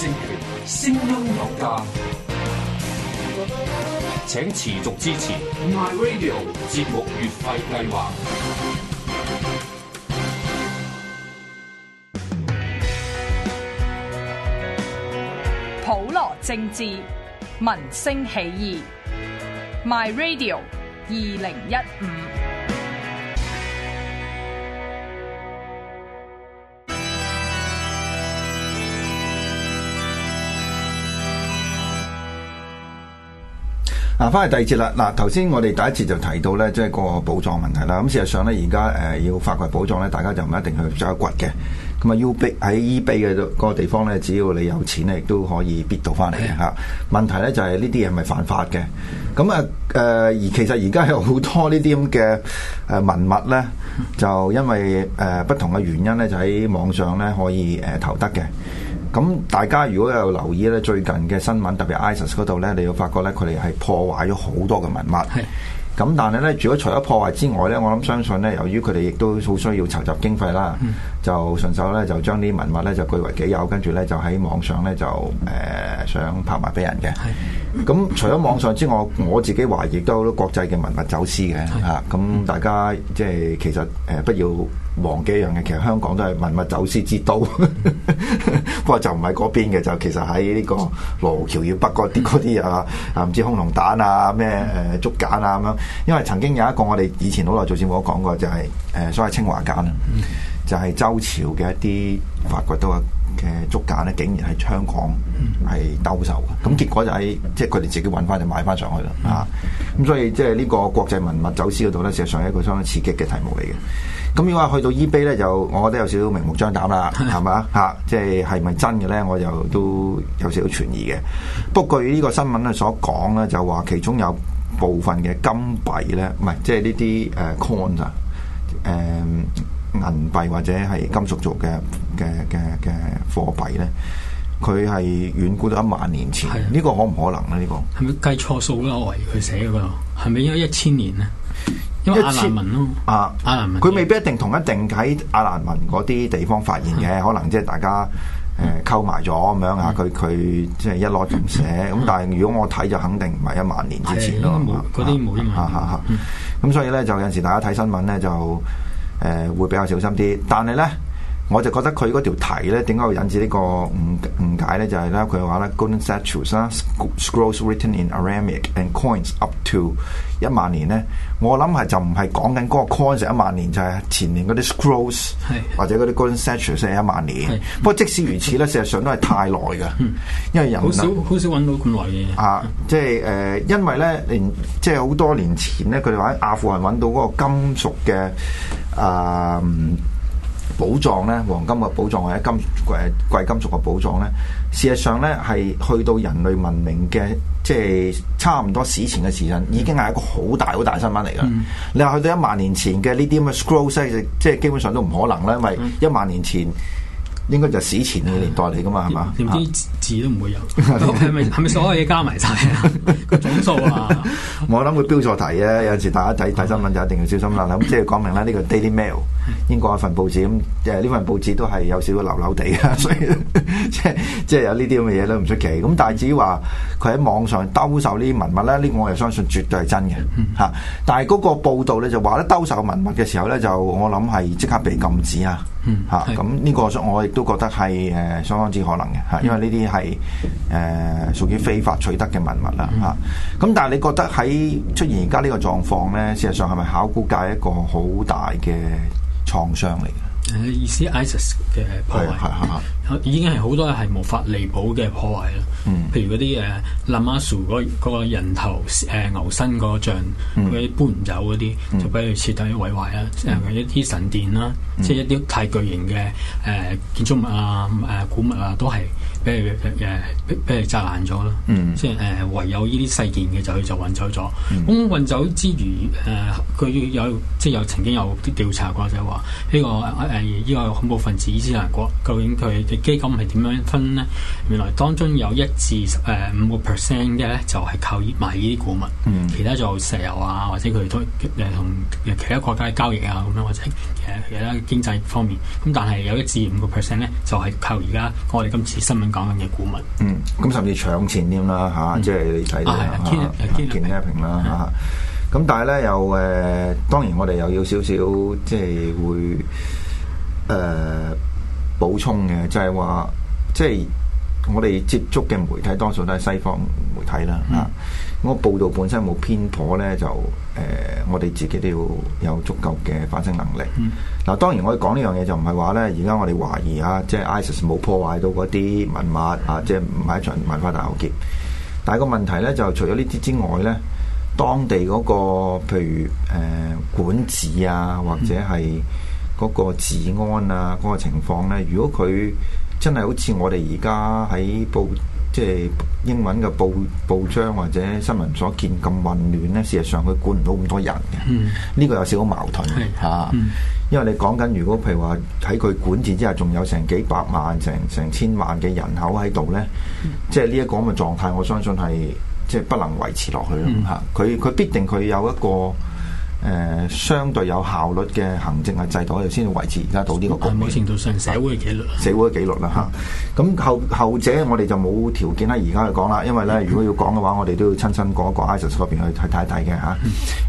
政聲音有價，請持續支持 My Radio 節目月費計劃。普羅政治，民聲起義。My Radio 二零一五。嗱，翻去、啊、第二節啦。嗱、啊，頭先我哋第一節就提到咧，即、就、係、是、個保障問題啦。咁、嗯、事實上咧，而家誒要發掘保障咧，大家就唔一定去走去掘嘅。咁啊，U 幣喺 E 幣嘅嗰個地方咧，只要你有錢咧，亦都可以必 i t 到翻嚟嘅嚇。問題咧就係呢啲嘢係咪犯法嘅？咁啊誒、呃，而其實而家有好多呢啲咁嘅誒文物咧，就因為誒、呃、不同嘅原因咧，就喺網上咧可以誒、呃、投得嘅。咁大家如果有留意咧，最近嘅新聞特別 ISIS 嗰度咧，你會發覺咧佢哋係破壞咗好多嘅文物。係。咁但係咧，除咗除咗破壞之外咧，我諗相信咧，由於佢哋亦都好需要籌集經費啦，嗯、就順手咧就將啲文物咧就據為己有，跟住咧就喺網上咧就誒、呃、想拍賣俾人嘅。咁除咗網上之外，我自己懷疑都好多國際嘅文物走私嘅吓，咁的、嗯啊、大家即、就、係、是、其實誒、呃，不要忘記一樣嘢，其實香港都係文物走私之都， 不過就唔喺嗰邊嘅，就其實喺呢個羅湖橋要北嗰啲啲啊，空龍啊唔知恐龍蛋啊咩誒竹簡啊咁樣，因為曾經有一個我哋以前好耐做節目都講過，就係、是、誒、呃、所謂清華簡啊，就係、是、周朝嘅一啲法國都。嘅竹簡咧，竟然係猖狂係兜售嘅，咁、嗯、結果就喺、是、即係佢哋自己揾翻就買翻上去啦啊！咁、嗯、所以即係呢個國際文物走私嗰度咧，事實上係一個相當刺激嘅題目嚟嘅。咁、嗯、如果去到 eBay 咧，就我覺得有少少明目張膽啦，係嘛嚇？即係係咪真嘅咧？我又都有少少存疑嘅。不過據呢個新聞咧所講咧，就話其中有部分嘅金幣咧，唔係即係呢啲誒 coin 啊誒。Uh, coins, uh, 銀幣或者係金屬做嘅嘅嘅嘅貨幣咧，佢係遠古到一萬年前，呢個可唔可能咧？呢個係咪計錯數咧？我懷疑佢寫嘅㗎，係咪因為一千年咧？因為亞蘭文咯，啊亞蘭文，佢未必一定同一定喺亞蘭文嗰啲地方發現嘅，可能即係大家誒溝埋咗咁樣啊，佢佢即係一攞亂寫，咁但係如果我睇就肯定唔係一萬年之前咯，嗰啲冇一萬，咁所以咧就有陣時大家睇新聞咧就。誒、呃，會比較小心啲，但係咧。我就覺得佢嗰條題咧，點解會引致呢個誤誤解咧？就係、是、咧，佢話咧，golden statues 啦，scrolls written in Aramaic and coins up to 一萬年咧，我諗係就唔係講緊嗰個 coins 一萬年，就係、是、前年嗰啲 scrolls 是或者嗰啲 golden statues 係一萬年。是不過即使如此咧，事實是上都係太耐噶，因為人好少好少揾到咁耐嘢啊！即係誒，因為咧，即係好多年前咧，佢哋話喺阿富汗揾到嗰個金屬嘅啊。呃寶藏咧，黃金嘅寶藏或者金誒貴金屬嘅寶藏咧，事實上咧係去到人類文明嘅即係差唔多史前嘅時陣，已經係一個好大好大新聞嚟㗎。嗯。你話去到一萬年前嘅呢啲咁嘅 scroll 咧，即係基本上都唔可能啦，因為一萬年前。應該就史前嘅年代嚟㗎嘛，係嘛？啲字都唔會有，係咪係咪所有嘢加埋晒？啊？個總數啊！我諗會標錯題啊！有時大家睇睇新聞就一定要小心啦。咁即係講明啦，呢個 Daily Mail 英國一份報紙，咁誒呢份報紙都係有少少流流地啊，所以即係即係有呢啲咁嘅嘢都唔出奇。咁但係至於話佢喺網上兜售呢啲文物咧，呢個我又相信絕對係真嘅嚇。但係嗰個報導咧就話咧兜售文物嘅時候咧就我諗係即刻被禁止啊！嗯吓，咁呢、啊、個我亦都覺得係誒、呃、相當之可能嘅嚇、啊，因為呢啲係誒屬於非法取得嘅文物啦嚇。咁、啊啊、但係你覺得喺出現而家呢個狀況咧，事實上係咪考古界一個好大嘅創傷嚟？誒意思 ISIS 嘅破壞。已經係好多係無法彌補嘅破壞啦，譬如嗰啲誒拉馬蘇嗰個人頭誒、呃、牛身嗰像，佢、嗯、搬走嗰啲，嗯、就俾佢徹底毀壞啦、呃，一啲神殿啦、啊，嗯、即係一啲太巨型嘅誒、呃、建築物啊、誒、啊、古物啊，都係俾佢誒俾佢砸爛咗啦，即係誒唯有呢啲細件嘅就佢就運走咗。咁運走之餘，誒佢有即係有曾經有調查過就係話呢個誒呢、這個、這個、恐怖分子伊斯蘭國，究竟佢基金係點樣分呢？原來當中有一至誒五個 percent 嘅咧，就係、是、靠賣呢啲古物，嗯、其他就石油啊，或者佢同其他國家交易啊，咁樣或者其他經濟方面。咁但係有一至五個 percent 咧，就係、是、靠而家我哋今次新聞講緊嘅古物。嗯，咁甚至搶錢添啦嚇，即係你睇啊啦咁、啊、但係咧，又誒、呃，當然我哋又要少少即係會誒。呃補充嘅就係、是、話，即、就、係、是、我哋接觸嘅媒體多數都係西方媒體啦，嗯、啊，咁、那個報導本身冇偏頗咧？就誒、呃，我哋自己都要有足夠嘅反省能力。嗱、嗯啊，當然我哋講呢樣嘢就唔係話咧，而家我哋懷疑啊，即係 ISIS 冇破壞到嗰啲文物、嗯、啊，即係唔係一場文化大浩劫。但係個問題咧，就除咗呢啲之外咧，當地嗰、那個譬如誒、呃、管治啊，或者係、嗯。嗰個治安啊，嗰、嗰個情況呢，如果佢真係好似我哋而家喺報即係、就是、英文嘅報報章或者新聞所見咁混亂呢，事實上佢管唔到咁多人嘅，呢、嗯、個有少少矛盾嘅、啊、因為你講緊，如果譬如話喺佢管治之下，仲有成幾百萬、成成千萬嘅人口喺度呢，即係呢一個咁嘅狀態，我相信係即係不能維持落去咯嚇。佢佢、嗯啊、必定佢有一個。誒、呃、相對有效率嘅行政嘅制度，就先維持而家到呢個。某程度上，社會嘅紀律，啊、社會嘅紀律啦嚇。咁、嗯啊、後後者，我哋就冇條件啦，而家去講啦。因為咧，如果要講嘅話，我哋都要親身過一個 ISIS 嗰邊去睇睇嘅嚇。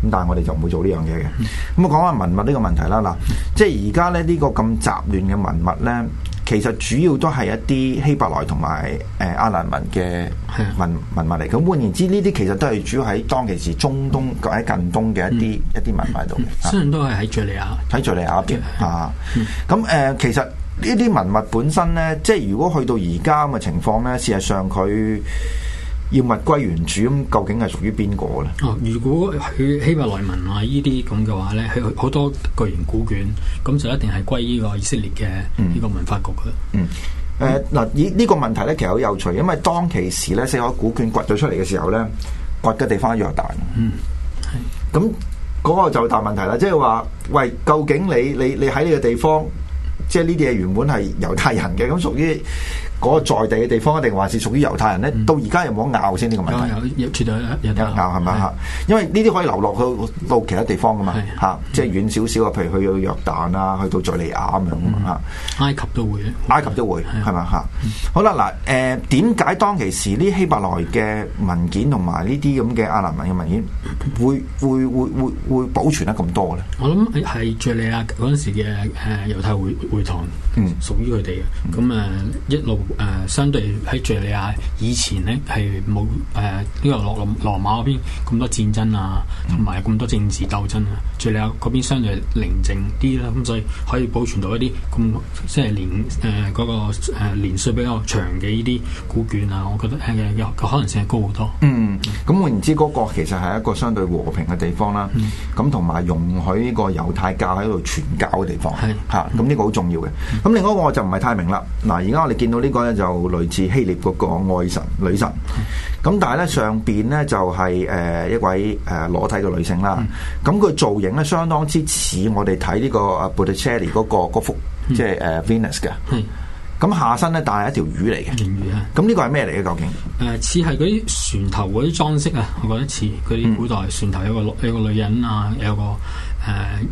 咁但係我哋就唔會做呢樣嘢嘅。咁啊講翻文物呢個問題啦嗱，即係而家咧呢個咁雜亂嘅文物咧。其實主要都係一啲希伯來同埋誒阿蘭文嘅文 文物嚟，咁換言之，呢啲其實都係主要喺當其時中東、嗯、或喺近東嘅一啲、嗯、一啲文物度。雖然、嗯嗯嗯、都係喺敍利亞，喺敍利亞一邊啊。咁誒，其實呢啲文物本身咧，即係如果去到而家咁嘅情況咧，事實上佢。要物歸原主咁，究竟係屬於邊個咧？哦，如果佢希伯來文啊呢啲咁嘅話咧，佢好多巨然古卷，咁就一定係歸依個以色列嘅呢個文化局啦、嗯。嗯，誒、呃、嗱，依呢、這個問題咧其實好有趣，因為當其時咧，死海古卷掘咗出嚟嘅時候咧，掘嘅地方一樣大。嗯，係。咁嗰、那個就大問題啦，即係話，喂，究竟你你你喺呢個地方，即係呢啲嘢原本係猶太人嘅，咁屬於？嗰個在地嘅地方，一定還是屬於猶太人咧？到而家有冇拗先呢個問題？有，有存有拗，係咪啊？因為呢啲可以流落到到其他地方嘅嘛，嚇，即係遠少少啊，譬如去到約旦啊，去到敍利亞咁樣，埃及都會，埃及都會係咪啊？嚇，好啦，嗱，誒點解當其時呢希伯來嘅文件同埋呢啲咁嘅阿蘭文嘅文件會會會會會保存得咁多咧？我諗係敍利亞嗰陣時嘅誒猶太會會堂，嗯，屬於佢哋嘅，咁誒一路。誒，相對喺敘利亞以前咧係冇誒，呢、呃這個羅羅馬嗰邊咁多戰爭啊，同埋咁多政治鬥爭啊，敘利亞嗰邊相對寧靜啲啦，咁所以可以保存到一啲咁即係年誒個誒年歲比較長嘅呢啲古卷啊，我覺得誒有佢可能性係高好多。嗯，咁換言之，嗰個其實係一個相對和平嘅地方啦，咁同埋容許呢個猶太教喺度傳教嘅地方，吓，咁呢個好重要嘅。咁另外一個我就唔係太明啦。嗱，而家我哋見到呢、這個。咧就類似希臘嗰個愛神女神，咁但係咧上邊咧就係、是、誒、呃、一位誒裸體嘅女性啦，咁佢、嗯、造型咧相當之似我哋睇呢個 Botticelli 嗰、那個嗰幅即係誒 Venus 嘅，咁、嗯、下身咧但係一條魚嚟嘅，魚啊、嗯，咁呢個係咩嚟嘅究竟？誒、呃，似係嗰啲船頭嗰啲裝飾啊，我覺得似，啲古代船頭有個有個女人啊，有個誒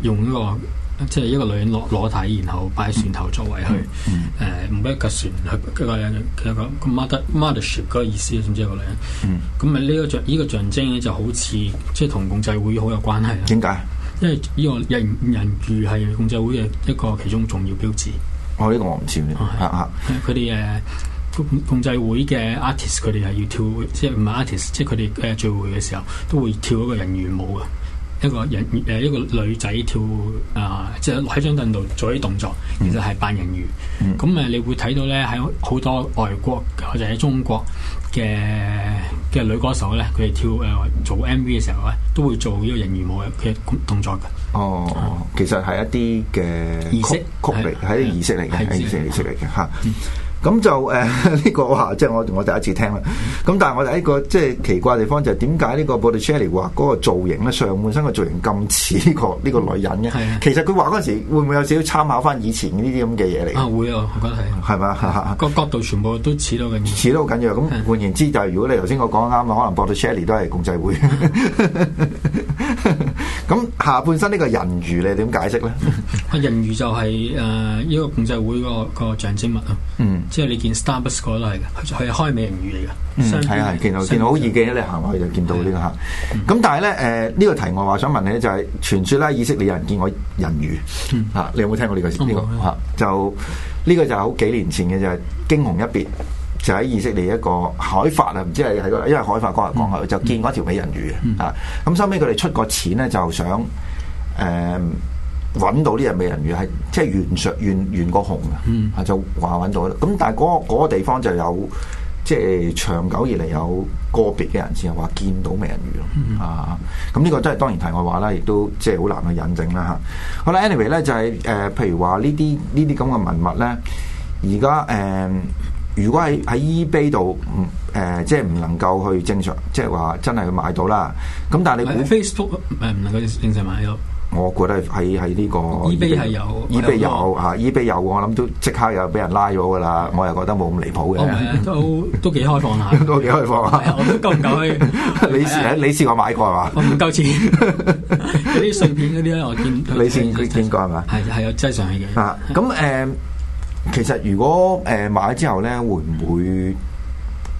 用個。呃用即係一個女人攞裸體，然後擺喺船頭作為去，誒、嗯，唔、嗯呃、一架船，佢一個，個，master，mastership 嗰個意思，總之係個女人。咁咪呢個象，呢個象徵咧，就好似即係同共濟會好有關係啦。點解？因為呢個人人魚係共濟會嘅一個其中重要標誌。哦，呢、這個我唔知佢哋誒共共濟會嘅 artist，佢哋係要跳，即係唔係 artist，即係佢哋誒聚會嘅時候都會跳一個人魚舞嘅。一個人誒、呃、一個女仔跳啊、呃，即喺張凳度做啲動作，其實係扮人魚。咁誒、嗯，你會睇到咧喺好多外國，或者喺中國嘅嘅女歌手咧，佢哋跳誒、呃、做 MV 嘅時候咧，都會做呢個人魚舞嘅嘅動作嘅。哦，嗯、其實係一啲嘅儀式曲嚟來，係是儀式嚟嘅，係是儀式嚟嘅嚇。咁就誒呢、呃這個話，即係我我第一次聽啦。咁但係我哋一個即係奇怪嘅地方就係點解呢個 Botticelli 畫嗰個造型咧，上半身嘅造型咁似呢個呢、嗯、個女人嘅？係的其實佢畫嗰陣時會唔會有少少參考翻以前呢啲咁嘅嘢嚟？啊會啊，我覺得係係咪個角度全部都似到緊，似到好緊要。咁的換言之，就如果你頭先我講啱可能 Botticelli 都係共濟會。嗯 咁下半身呢個人魚，你點解釋咧？人魚就係誒一個共濟會嗰個象徵物啊，嗯，即係你見 Starbucks 嗰度係佢係開美人魚嚟嘅，嗯，係啊，見到見到好易嘅，你行落去就見到、呢個、呢個嚇。咁但係咧誒呢個題外話想問你咧，就係傳説啦，以色列人見過人魚嚇，你有冇聽過呢、呢個呢、呢個嚇？就、呢、呢個就好幾年前嘅就係驚鴻一別。就喺以色列一個海法啊，唔知係係個，因為海法講嚟講去，就見過一條美人魚、嗯、啊。咁收尾佢哋出個錢咧，就想誒揾、嗯、到呢條美人魚係即係原術原原個熊啊，就話揾到，咁但係嗰、那個那個地方就有即係、就是、長久以嚟有個別嘅人先係話見到美人魚咯、嗯、啊。咁呢個真係當然題外話啦，亦都即係好難去引證啦。嚇，好啦，anyway 咧就係、是、誒、呃，譬如話呢啲呢啲咁嘅文物咧，而家誒。嗯嗯如果喺喺 eBay 度，唔誒，即係唔能夠去正常，即係話真係去買到啦。咁但係你 Facebook 唔能夠正常買到？我覺得喺喺呢個 eBay 係有，eBay 有嚇，eBay 有我諗都即刻又俾人拉咗噶啦，我又覺得冇咁離譜嘅。都都幾開放下，都幾開放啊！我都夠唔夠去？你你試過買過係嘛？我唔夠錢，嗰啲碎片嗰啲咧，我見你試你試過買過係嘛？係係有真上去嘅咁誒。其實如果誒、呃、買之後咧，會唔會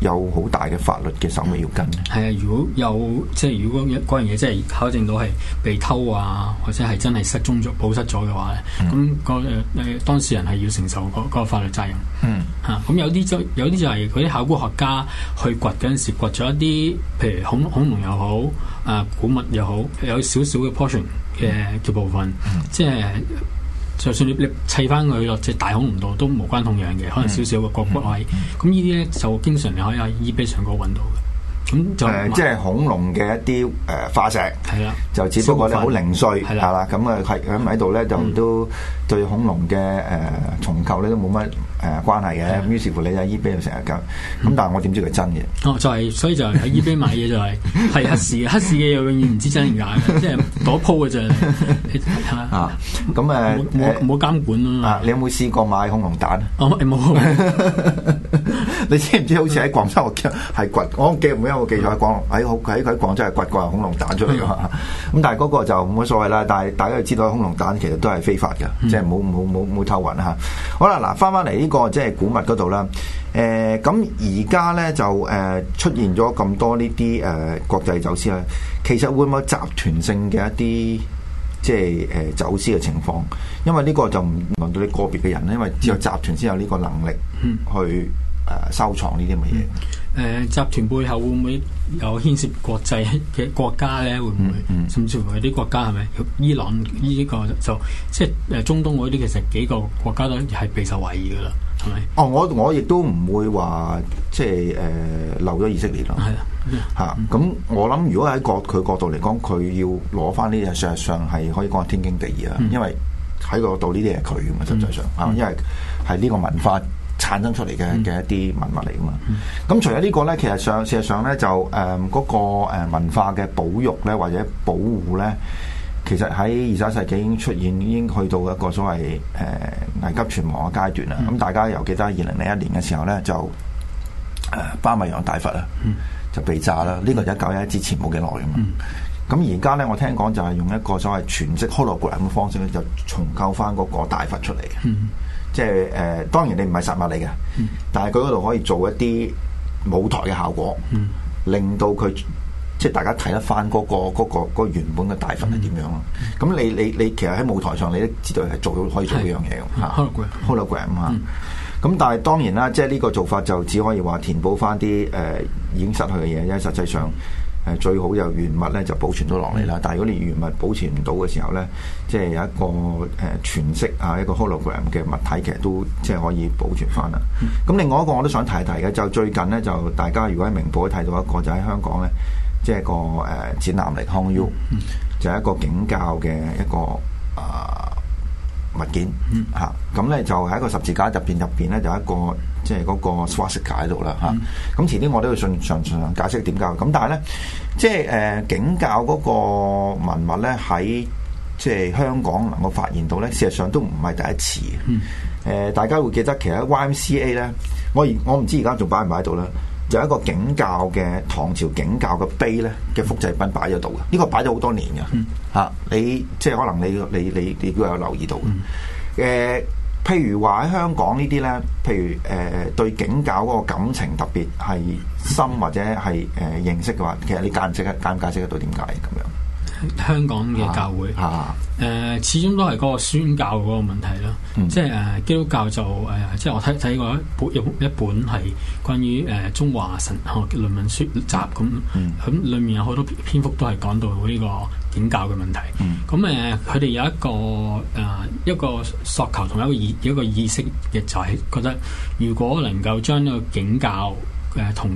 有好大嘅法律嘅手尾要跟咧？係啊、嗯，如果有即係如果嗰樣嘢真係考證到係被偷啊，或者係真係失蹤咗、保失咗嘅話咧，咁、嗯那個誒、呃、當事人係要承受嗰、那個那個法律責任。嗯，吓咁、啊、有啲就有啲就係嗰啲考古學家去掘嗰陣時掘咗一啲，譬如恐恐龍又好啊、呃、古物又好，有少少嘅 portion 嘅嘅部分，即係。就算你砌翻佢咯，即係大恐龍度，都無關痛癢嘅，可能少少個角骨位，咁、嗯、呢啲咧就經常你可以喺 eBay 上高揾到嘅。咁就、呃，即係恐龍嘅一啲誒、呃、化石，的就只不過咧好零碎，係啦的，咁啊係響喺度咧，就都對恐龍嘅誒、呃、重構咧都冇乜。誒關係嘅，咁於是乎你喺 eBay 又成日搞，咁但係我點知佢真嘅？哦，就係，所以就係喺 eBay 買嘢就係係黑市嘅，黑市嘅又永遠唔知真定假即係攞鋪嘅啫嚇。啊，咁誒冇冇監管咯。啊，你有冇試過買恐龍蛋冇？你知唔知好似喺廣州係掘？我記唔記得我記錯喺廣喺喺廣州係掘過恐龍蛋出嚟㗎嘛？咁但係嗰個就冇乜所謂啦。但係大家知道恐龍蛋其實都係非法嘅，即係冇冇冇冇偷運嚇。好啦，嗱，翻翻嚟。個即係古物嗰度啦，誒、呃，咁而家咧就誒、呃、出現咗咁多呢啲誒國際走私咧，其實會唔會集團性嘅一啲即係誒、呃、走私嘅情況？因為呢個就唔輪到你個別嘅人咧，因為只有集團先有呢個能力去誒、呃、收藏呢啲咁嘅嘢。誒、呃、集團背後會唔會有牽涉國際嘅國家咧？會唔會、嗯嗯、甚至乎有啲國家係咪，伊朗呢、呢個就即係誒中東嗰啲，其實幾個國家都係備受懷疑噶啦，係咪？哦，我我亦都唔會話即係誒漏咗以色列咯。係啊，嚇！咁我諗，如果喺國佢角度嚟講，佢要攞翻呢樣，事實上係可以講係天經地義啦。嗯、因為喺個度呢啲係佢嘅嘛，實際上，嗯、因為係呢個文化。產生出嚟嘅嘅一啲文物嚟㗎嘛，咁、嗯、除咗呢個咧，其實上事實上咧就誒嗰、呃那個文化嘅保育咧或者保護咧，其實喺二十一世紀已經出現，已經去到一個所謂誒、呃、危急存亡嘅階段啦。咁、嗯、大家又記得二零零一年嘅時候咧，就誒、呃、巴米揚大佛啦，嗯、就被炸啦。呢、嗯、個就喺九一一之前冇幾耐㗎嘛。咁而家咧，我聽講就係用一個所謂全息克羅格蘭嘅方式咧，就重構翻嗰個大佛出嚟。即係誒、呃，當然你唔係實物嚟嘅，嗯、但係佢嗰度可以做一啲舞台嘅效果，嗯、令到佢即係大家睇得翻個、嗰個、嗰、嗰個、嗰個嗰個、原本嘅大佛係點樣咯。咁、嗯、你你你其實喺舞台上，你都知道係做到可以做呢樣嘢嘅嚇。Hologram，Hologram 啊，咁但係當然啦，即係呢個做法就只可以話填補翻啲誒已經失去嘅嘢，因為實際上。最好就原物咧就保存到落嚟啦，但係如果你原物保存唔到嘅時候咧，即係有一個誒全息啊一個 hologram 嘅物體，其實都即係可以保存翻啦。咁、嗯、另外一個我都想提一提嘅，就最近咧就大家如果喺明報睇到一個就喺香港咧，即係個誒展覽嚟康裕，就係一個景教嘅一個啊。呃物件嚇，咁咧、嗯啊、就喺一個十字架入邊，入邊咧就一個即係嗰個 Swastika 喺度啦嚇。咁、嗯啊、前啲我都要順順順解釋點解，咁但係咧即係誒、呃、景教嗰個文物咧喺即係香港能夠發現到咧，事實上都唔係第一次。誒、嗯呃、大家會記得，其實 YMCA 咧，我而我唔知而家仲擺唔擺喺度啦。有一個景教嘅唐朝景教嘅碑咧嘅複製品擺喺度嘅，呢個擺咗好多年嘅。嚇，你即係可能你你你你都有留意到嘅。誒，譬如話喺香港呢啲咧，譬如誒對景教嗰個感情特別係深或者係誒認識嘅話，其實你解釋嘅間解釋得到點解咁樣？香港嘅教會，誒、啊啊呃、始終都係嗰個宣教嗰個問題咯，嗯、即係誒基督教就誒、呃，即係我睇睇過一本一本係關於誒、呃、中華神學論文書集咁，咁、嗯、裡面有好多篇，篇幅都係講到呢個景教嘅問題，咁誒佢哋有一個誒、呃、一個索求同一個意一個意識嘅就係覺得，如果能夠將呢個景教誒，同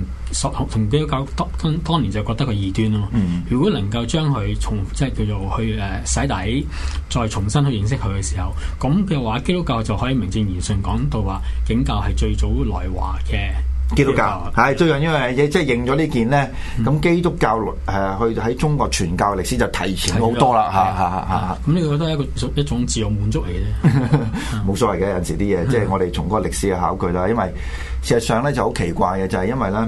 同基督教當當年就覺得佢異端咯。如果能夠將佢重即係叫做去誒洗底，再重新去認識佢嘅時候，咁嘅話基督教就可以名正言順講到話景教係最早來華嘅基督教。係最近因為即係認咗呢件咧，咁基督教誒、嗯嗯呃、去喺中國傳教嘅歷史就提前好多啦吓吓吓。咁你覺得一個一種自我滿足嚟咧？冇 所謂嘅，有陣時啲嘢 即係我哋從嗰個歷史去考據啦，因為。事實上咧就好奇怪嘅，就係、是、因為咧，誒、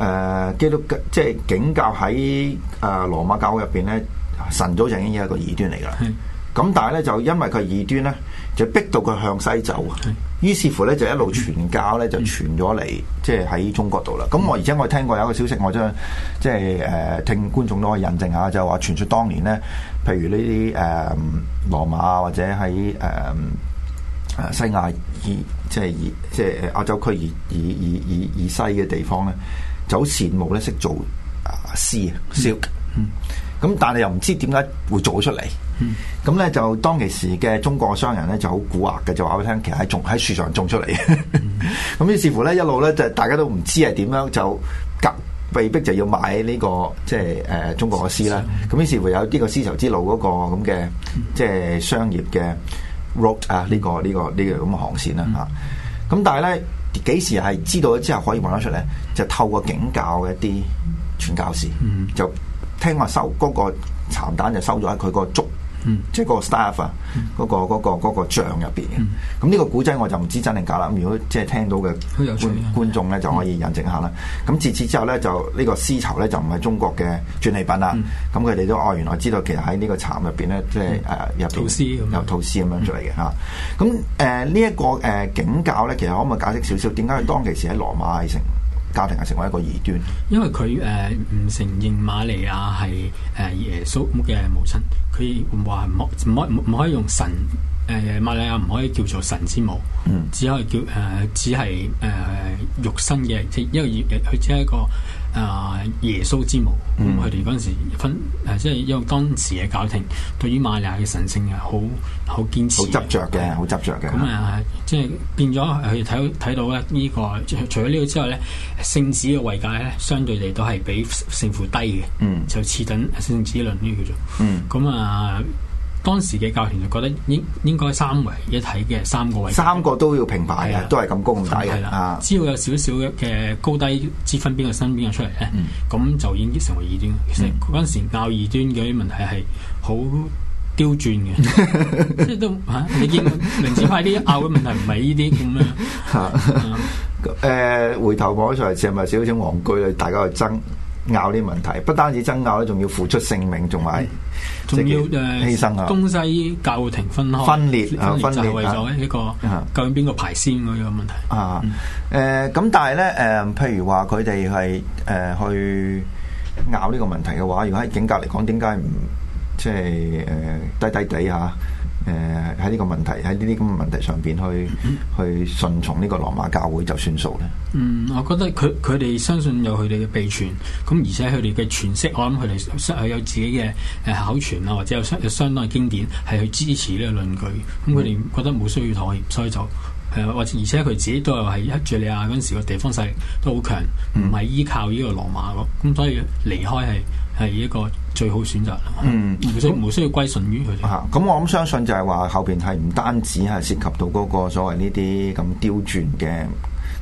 呃、基督教即係景教喺誒羅馬教會入邊咧，神早就已經係一個異端嚟噶啦。咁的但係咧就因為佢異端咧，就逼到佢向西走。於是,的是乎咧就一路傳教咧就傳咗嚟，的即係喺中國度啦。咁我而且我聽過有一個消息，我將即係誒、呃、聽觀眾都可以印證下，就話傳說當年咧，譬如呢啲誒羅馬啊或者喺誒。呃呃呃呃啊！西亞以即係以即係亞洲區以以以以以西嘅地方咧，就好羨慕咧識做絲啊，絲。咁、嗯、但係又唔知點解會做出嚟。咁咧、嗯嗯、就當其時嘅中國商人咧就好蠱惑嘅，就話俾你聽，其實係仲喺樹上種出嚟咁、嗯、 於是乎咧一路咧就大家都唔知係點樣就夾被逼就要買呢、呢個即係誒中國嘅絲啦。咁於、嗯那個嗯於是乎有呢個絲綢之路嗰個咁嘅即係商業嘅。嗯嗯 route 啊，呢個呢個呢個咁嘅航綫啦嚇，咁但係咧幾時係知道咗之後可以聞得出咧？就透過警教嘅一啲傳教士，嗯、就聽話收嗰、那個炸彈就收咗喺佢個足。即係個 staff 啊，嗰個嗰個嗰個帳入邊嘅。咁呢個古仔我就唔知真定假啦。咁如果即係聽到嘅觀眾咧，就可以印證下啦。咁自此之後咧，就呢個絲綢咧就唔係中國嘅專利品啦。咁佢哋都哦，原來知道其實喺呢個巢入邊咧，即係誒入邊有絲咁樣出嚟嘅嚇。咁誒呢一個誒景教咧，其實可唔可以解釋少少？點解佢當其時喺羅馬城？家庭係成為一個異端，因為佢誒唔承認瑪利亞係誒、呃、耶穌嘅母親，佢話唔可唔可唔可以用神誒、呃、瑪利亞唔可以叫做神之母，嗯，只可以叫誒、呃、只係誒、呃、肉身嘅，即因為佢只係一個。啊！耶穌之母，佢哋嗰陣時分，誒、啊、即係因為當時嘅教廷對於瑪利亞嘅神性係好好堅持，好執著嘅，好執着嘅。咁啊，即係變咗，佢睇睇到咧、這、呢個除除咗呢個之外咧，聖子嘅位階咧，相對嚟都係比聖父低嘅，嗯、就似等聖子論呢叫做。咁、嗯嗯、啊～當時嘅教團就覺得應應該三位一體嘅三個位，三個都要平排嘅，的都係咁高大嘅，只要有少少嘅高低之分邊邊，邊個身邊個出嚟咧，咁就已經成為異端。其實嗰陣時鬧異端嘅啲問題係好刁鑽嘅，即係都你見民主派啲鬧嘅問題唔係呢啲咁樣。誒、 啊，回頭講起嚟，似係咪少少黃居，嚟？大家去爭。拗呢個問題，不單止爭拗咧，仲要付出性命，同埋，仲要誒犧、呃、牲裂啊！東西教廷分開分裂啊，分裂為咗呢一個究竟邊個排先嗰個問題啊？誒、呃，咁但係咧，誒、呃，譬如話佢哋係誒去拗呢個問題嘅話，如果喺警格嚟講，點解唔即係誒低低地吓？啊誒喺呢個問題喺呢啲咁嘅問題上邊去、嗯、去順從呢個羅馬教會就算數咧。嗯，我覺得佢佢哋相信有佢哋嘅秘傳，咁、嗯、而且佢哋嘅詮釋，我諗佢哋有有自己嘅誒口傳啊，或者有相有相當嘅經典，係去支持呢個論據。咁佢哋覺得冇需要妥協，所以就誒，或、呃、而且佢自己都係話係一住尼亞嗰陣時嘅地方勢力都好強，唔係依靠呢個羅馬咁、嗯嗯、所以離開係，係一個最好選擇，唔需唔需要歸順於佢哋。吓，咁我諗相信就係話後邊係唔單止係涉及到嗰個所謂呢啲咁刁鑽嘅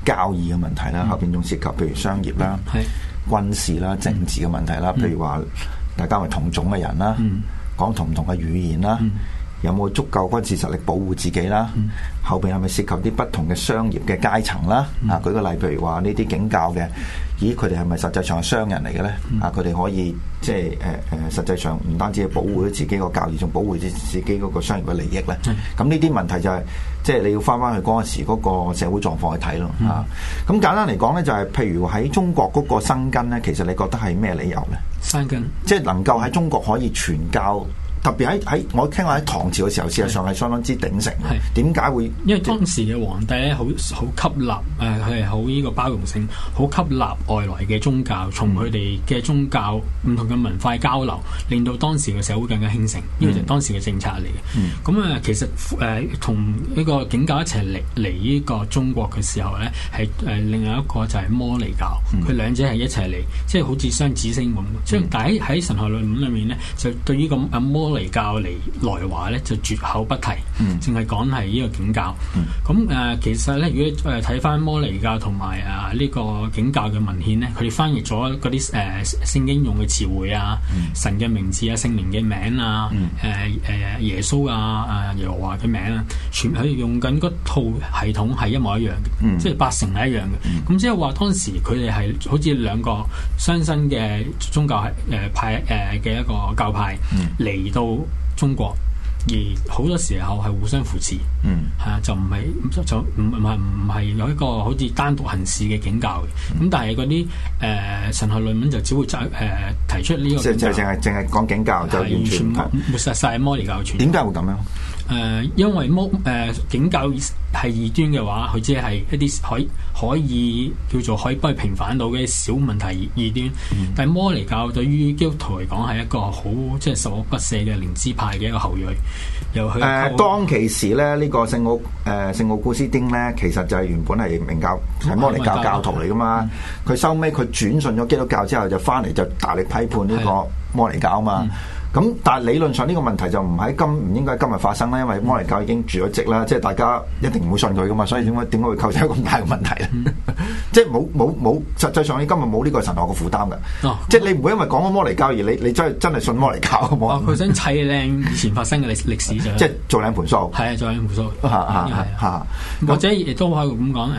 交易嘅問題啦，嗯、後邊仲涉及譬如商業啦、嗯、軍事啦、政治嘅問題啦，譬、嗯、如話大家係同種嘅人啦，講、嗯、同唔同嘅語言啦。嗯有冇足夠軍事實力保護自己啦？嗯、後邊係咪涉及啲不同嘅商業嘅階層啦？啊、嗯，舉個例，譬如話呢啲景教嘅，咦，佢哋係咪實際上係商人嚟嘅咧？啊、嗯，佢哋可以即係誒誒，實際上唔單止保護咗自己個教義，仲保護咗自己嗰個商業嘅利益咧？咁呢啲問題就係、是、即係你要翻翻去嗰個時嗰個社會狀況去睇咯。啊、嗯，咁、嗯、簡單嚟講咧，就係譬如喺中國嗰個生根咧，其實你覺得係咩理由咧？生根，即係能夠喺中國可以傳教。特別喺喺我聽話喺唐朝嘅時候，事實上係相當之鼎盛。係點解會？因為當時嘅皇帝咧，好好吸納佢係好呢個包容性，好吸納外來嘅宗教，從佢哋嘅宗教唔同嘅文化交流，令到當時嘅社會更加興盛。呢個就係當時嘅政策嚟嘅。咁啊、嗯嗯嗯，其實誒同呢個景教一齊嚟嚟呢個中國嘅時候咧，係誒、呃、另外一個就係摩尼教，佢、嗯、兩者係一齊嚟，即、就、係、是、好似雙子星咁。即係喺神學論文裏面呢，就對於咁嗯、摩尼教嚟來華咧，就絕口不提，淨係講係呢個景教。咁誒，其實咧，如果誒睇翻摩尼教同埋誒呢個景教嘅文獻咧，佢哋翻譯咗啲誒聖經用嘅詞彙啊，神嘅名字啊、聖靈嘅名啊，誒誒耶穌啊、耶啊耶和華嘅名啊，全佢用緊嗰套系統係一模一樣嘅，即係、嗯、八成係一樣嘅。咁即係話當時佢哋係好似兩個雙生嘅宗教係誒派誒嘅一個教派嚟到。到中國，而好多時候係互相扶持，係、嗯、啊，就唔係唔就唔唔係唔係有一個好似單獨行事嘅景教嘅。咁、嗯、但係嗰啲誒神學論文就只會誒、呃、提出呢個，就係淨係淨係講景教就完全抹殺晒摩尼教嘅存在。點解、啊、會咁樣？誒、呃，因為摩誒景、呃、教係異端嘅話，佢只係一啲可以可以叫做可以不平反到嘅小問題異端。嗯、但係摩尼教對於基督徒嚟講係一個好，即係十惡不赦嘅靈知派嘅一個後裔。又去誒當其時咧，呢、呢個聖奧誒、呃、聖奧古斯丁咧，其實就係原本係明教係摩尼教教、教徒嚟噶嘛。佢收尾佢轉信咗基督教之後，就翻嚟就大力批判呢個摩尼教啊嘛。嗯嗯咁但係理論上呢個問題就唔喺今唔應該今日發生啦，因為摩尼教已經住咗職啦，即係大家一定唔會信佢噶嘛，所以點解點解會構成一個咁大嘅問題咧？即係冇冇冇，實際上喺今日冇呢個神學嘅負擔㗎。即係你唔會因為講緊摩尼教而你你真係真係信摩尼教啊？佢想砌靚以前發生嘅歷歷史就，即係做兩盤數，係啊，做兩盤數，或者亦都可以咁講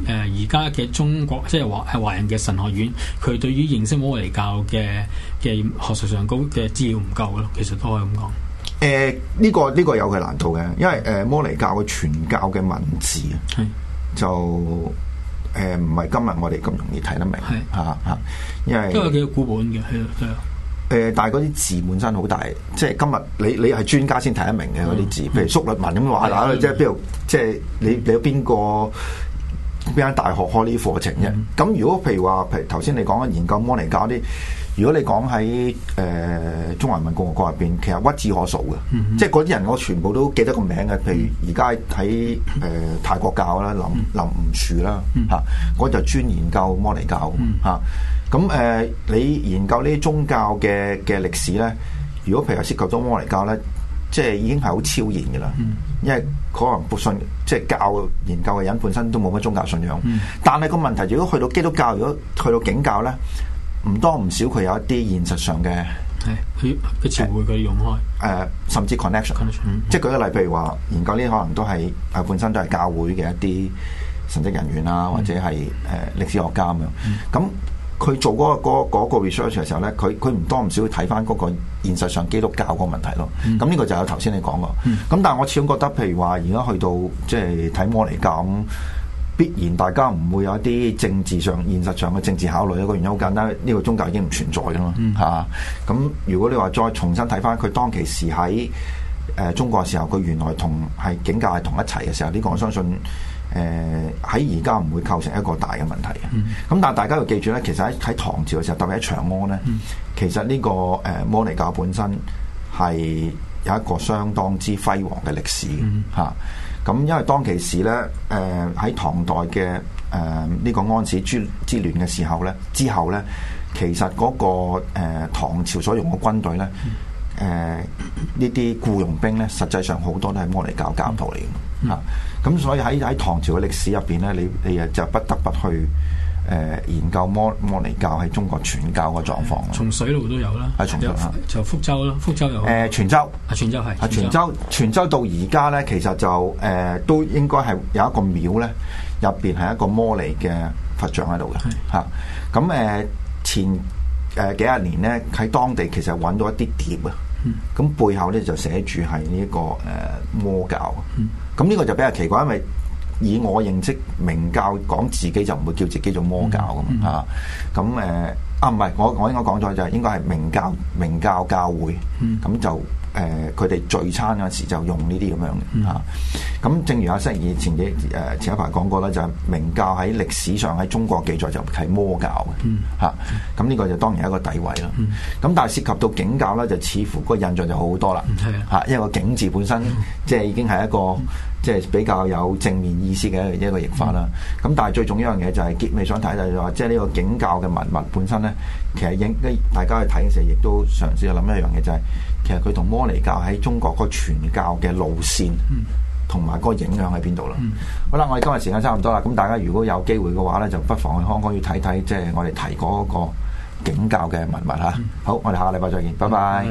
誒而家嘅中國即係華華人嘅神學院，佢對於認識摩尼教嘅嘅學術上高嘅資料唔夠咯，其實都可以咁講。誒呢、呃這個呢、這個有佢難度嘅，因為誒、呃、摩尼教嘅傳教嘅文字啊，是就誒唔係今日我哋咁容易睇得明，係嚇嚇，因為都有幾個古本嘅係啊，誒、呃、但係嗰啲字本身好大，即係今日你你係專家先睇得明嘅嗰啲字，譬如縮律文咁話，即係譬如，即係你、就是、你，你，你有邊個？邊間大學開呢啲課程啫？咁、嗯、如果譬如話，譬如頭先你講研究摩尼教啲，如果你講喺誒中華民共和國入邊，其實屈指可數嘅，嗯嗯、即係嗰啲人我全部都記得個名嘅。譬如而家喺誒泰國教啦，林林悟殊啦，吓、嗯嗯啊，我就專研究摩尼教吓。咁誒、嗯嗯啊呃，你研究呢啲宗教嘅嘅歷史咧？如果譬如涉及咗摩尼教咧？即係已經係好超然嘅啦，因為可能信即係教研究嘅人本身都冇乜宗教信仰，嗯、但係個問題，如果去到基督教，如果去到景教咧，唔多唔少佢有一啲現實上嘅，係佢嘅詞彙佢用開，誒、啊、甚至 connection，connection、嗯、即係舉個例，譬如話研究呢啲可能都係係本身都係教會嘅一啲神職人員啦，嗯、或者係誒、呃、歷史學家咁樣，咁、嗯。佢做嗰、那個那個 research 嘅時候咧，佢佢唔多唔少睇翻嗰個現實上基督教嗰個問題咯。咁呢個就有頭先你講個。咁但係我始終覺得，譬如話而家去到即係睇摩尼教，必然大家唔會有一啲政治上、現實上嘅政治考慮。一個原因好簡單，呢個宗教已經唔存在㗎嘛，嚇、嗯。咁、啊、如果你話再重新睇翻佢當其時喺誒中國嘅時候，佢原來同係景教係同一齊嘅時候，呢、這個我相信。誒喺而家唔會構成一個大嘅問題嘅，咁、嗯、但係大家要記住咧，其實喺喺唐朝嘅時候，特別喺長安咧，嗯、其實呢、呢個誒、呃、摩尼教本身係有一個相當之輝煌嘅歷史嚇。咁、嗯啊、因為當其時咧，誒、呃、喺唐代嘅誒呢個安史之之亂嘅時候咧，之後咧，其實嗰、嗰個、呃、唐朝所用嘅軍隊咧，誒呢啲僱傭兵咧，實際上好多都係摩尼教教，教，教徒嚟嘅。嗱，咁、嗯啊嗯、所以喺喺唐朝嘅歷史入邊咧，你你又就不得不去誒、呃、研究摩摩尼教喺中國傳教嘅狀況啦。從水路都有啦，係、啊、從水路有啊，就福州啦，福州有誒泉州，係泉州係，係泉州，泉、啊、州，州到而家咧，其實就誒、呃、都應該係有一個廟咧，入邊係一個摩尼嘅佛像喺度嘅，嚇是。咁誒、啊嗯、前誒、呃呃、幾廿年咧，喺當地其實揾到一啲碟，啊、嗯，咁、嗯、背後咧就寫住係呢個誒摩教。嗯嗯。咁呢個就比較奇怪，因為以我認識明教，講自己就唔會叫自己做魔教咁、嗯嗯、啊。咁誒啊，唔係，我我應該講咗就應該係明教，明教教會咁、嗯、就。誒，佢哋聚餐嗰時就用呢啲咁樣嘅嚇。咁，正如阿星爾前幾誒前一排講過啦，就係明教喺歷史上喺中國記載就係魔教嘅嚇。咁呢個就當然係一個底位啦。咁但係涉及到景教咧，就似乎個印象就好多啦嚇。因為個景字本身即係已經係一個即係比較有正面意思嘅一個譯法啦。咁但係最重要一樣嘢就係結尾想睇就係話，即係呢個景教嘅文物本身咧，其實影大家去睇嘅時候，亦都嘗試去諗一樣嘢就係。其實佢同摩尼教喺中國個傳教嘅路線，同埋、嗯、個影響喺邊度啦？嗯、好啦，我哋今日時間差唔多啦，咁大家如果有機會嘅話咧，就不妨去香港去睇睇，即、就、係、是、我哋提過、那、嗰個景、那個、教嘅文物嚇。啊嗯、好，我哋下禮拜再見，嗯、拜拜。